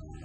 Thank you.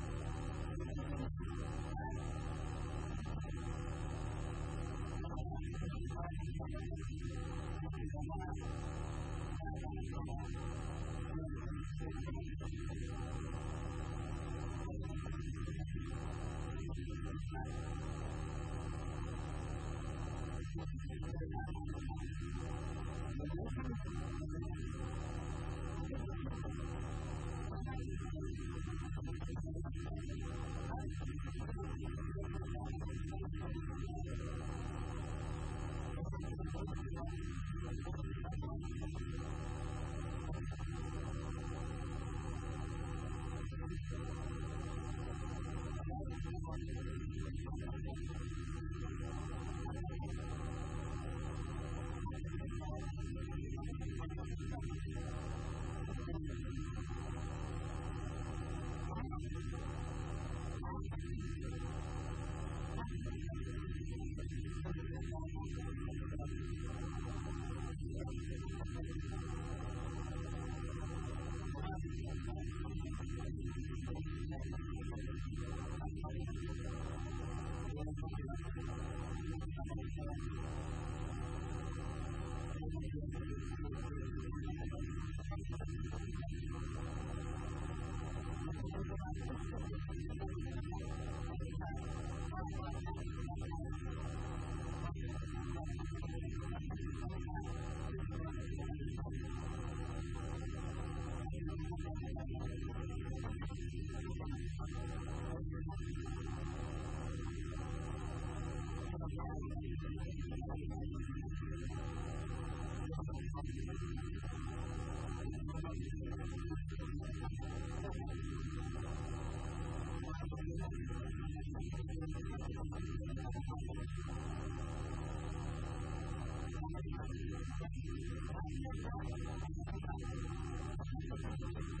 Thank you. Thank you. Thank you.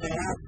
Thank you.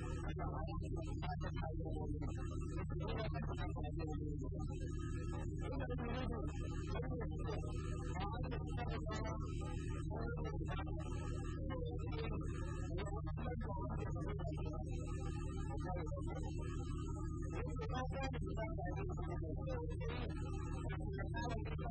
I'm going to go to the next slide.